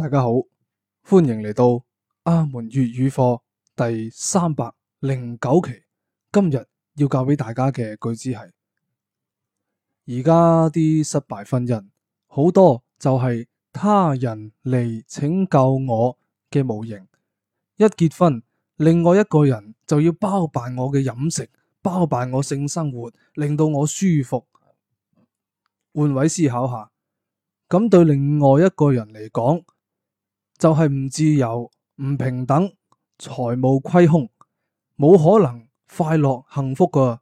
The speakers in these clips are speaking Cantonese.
大家好，歡迎嚟到阿門粵語課第三百零九期。今日要教俾大家嘅句子係：而家啲失敗婚姻，好多就係他人嚟拯救我嘅模型。一結婚，另外一個人就要包辦我嘅飲食，包辦我性生活，令到我舒服。換位思考下，咁對另外一個人嚟講，就係唔自由、唔平等、財務虧空，冇可能快樂幸福噶。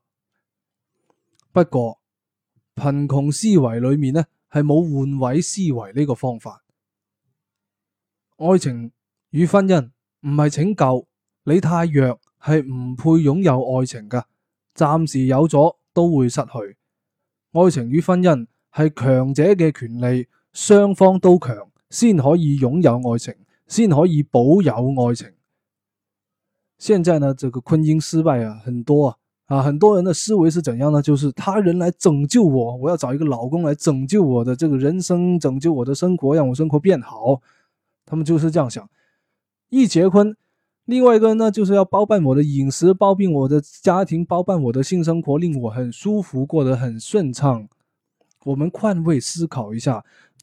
不過，貧窮思維裏面咧係冇換位思維呢個方法。愛情與婚姻唔係拯救，你太弱係唔配擁有愛情噶。暫時有咗都會失去。愛情與婚姻係強者嘅權利，雙方都強。先可以擁有愛情，先可以保有愛情。現在呢，這個婚姻失敗啊，很多啊，啊，很多人的思維是怎樣呢？就是他人來拯救我，我要找一個老公來拯救我的這個人生，拯救我的生活，讓我生活變好。他們就是這樣想。一結婚，另外一個人呢，就是要包辦我的飲食，包庇我的家庭，包辦我的性生活，令我很舒服，過得很順暢。我們換位思考一下。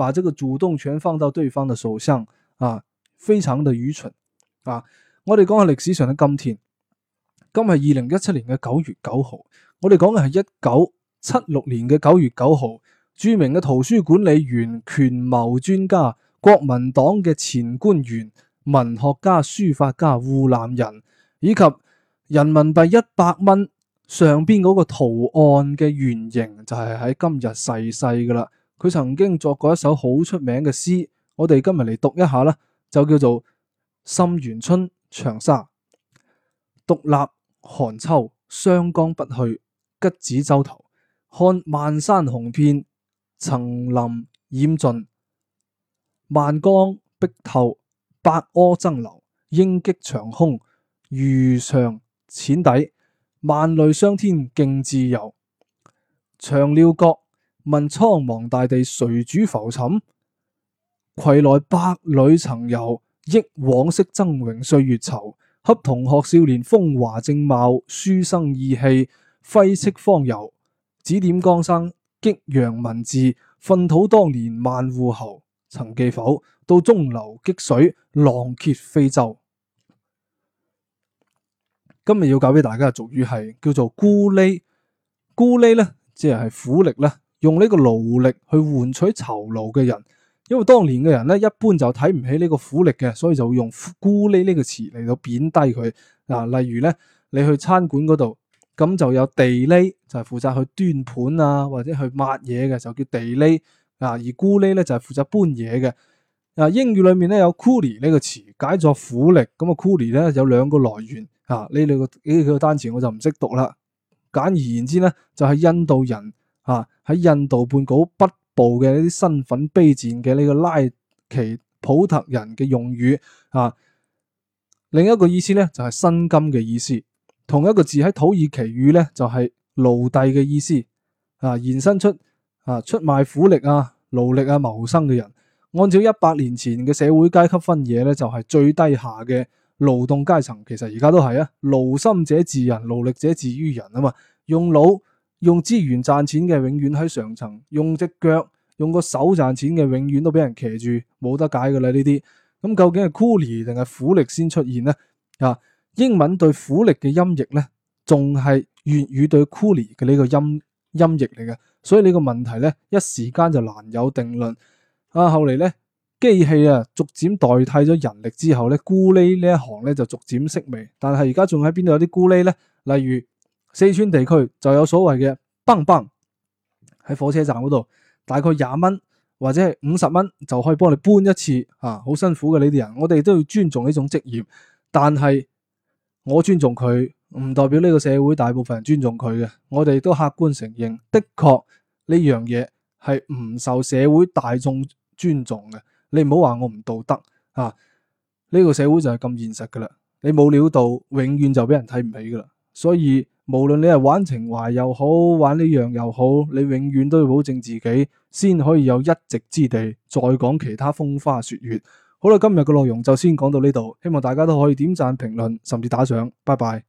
把這個主動權放到對方的手上，啊，非常的愚蠢，啊！我哋講下歷史上的今天，今日二零一七年嘅九月九號，我哋講嘅係一九七六年嘅九月九號，著名嘅圖書管理員、權謀專家、國民黨嘅前官員、文學家、書法家、湖南人，以及人民幣一百蚊上邊嗰個圖案嘅原型，就係喺今日逝世噶啦。佢曾經作過一首好出名嘅詩，我哋今日嚟讀一下啦，就叫做《沁園春·長沙》。獨立寒秋，湘江不去，橘子洲頭。看萬山紅遍，層林染盡。萬江碧透，百舸爭流。鷹擊長空，魚翔淺底。萬類霜天競自由。悵寥廓。問蒼茫大地誰主浮沉？攜來百侶曾遊，憶往昔崢嶸歲月稠。恰同學少年，風華正茂，書生意氣，揮斥方遒。指點江山，激揚文字，糞土當年萬戶侯。曾記否？到中流擊水，浪遏飛舟。今日要教俾大家嘅俗語係叫做咕哩，咕哩呢，即係苦力咧。用呢個勞力去換取酬勞嘅人，因為當年嘅人咧，一般就睇唔起呢個苦力嘅，所以就會用咕哩呢個詞嚟到貶低佢。嗱、啊，例如咧，你去餐館嗰度，咁就有地喱，就係負責去端盤啊或者去抹嘢嘅，就叫地喱。啊，而咕哩咧就係、是、負責搬嘢嘅。啊，英語裏面咧有 coolie 呢個詞，解作苦力。咁啊，coolie 咧有兩個來源。啊，呢兩個呢幾個單詞我就唔識讀啦。簡而言之咧，就係、是、印度人。啊！喺印度半島北部嘅呢啲身份卑賤嘅呢個拉奇普特人嘅用語啊，另一個意思咧就係薪金嘅意思。同一個字喺土耳其語咧就係奴隸嘅意思啊，延伸出啊出賣苦力啊、勞力啊謀生嘅人。按照一百年前嘅社會階級分野咧，就係最低下嘅勞動階層。其實而家都係啊，勞心者治人，勞力者治於人啊嘛，用腦。用資源賺錢嘅永遠喺上層，用隻腳、用個手賺錢嘅永遠都俾人騎住，冇得解噶啦呢啲。咁究竟係 coolie 定係苦力先出現呢？啊，英文對苦力嘅音譯呢，仲係粵語對 coolie 嘅呢個音音譯嚟嘅，所以呢個問題呢，一時間就難有定論。啊，後嚟呢，機器啊逐漸代替咗人力之後呢，咕 o 呢一行呢就逐漸式微。但係而家仲喺邊度有啲咕 o 呢？例如。四川地區就有所謂嘅崩崩喺火車站嗰度，大概廿蚊或者係五十蚊就可以幫你搬一次，吓、啊、好辛苦嘅呢啲人，我哋都要尊重呢種職業。但係我尊重佢，唔代表呢個社會大部分人尊重佢嘅。我哋都客觀承認，的確呢樣嘢係唔受社會大眾尊重嘅。你唔好話我唔道德，吓、啊、呢、呢個社會就係咁現實噶啦。你冇料到，永遠就俾人睇唔起噶啦，所以。無論你係玩情懷又好，玩呢樣又好，你永遠都要保證自己先可以有一席之地，再講其他風花雪月。好啦，今日嘅內容就先講到呢度，希望大家都可以點贊、評論，甚至打賞。拜拜。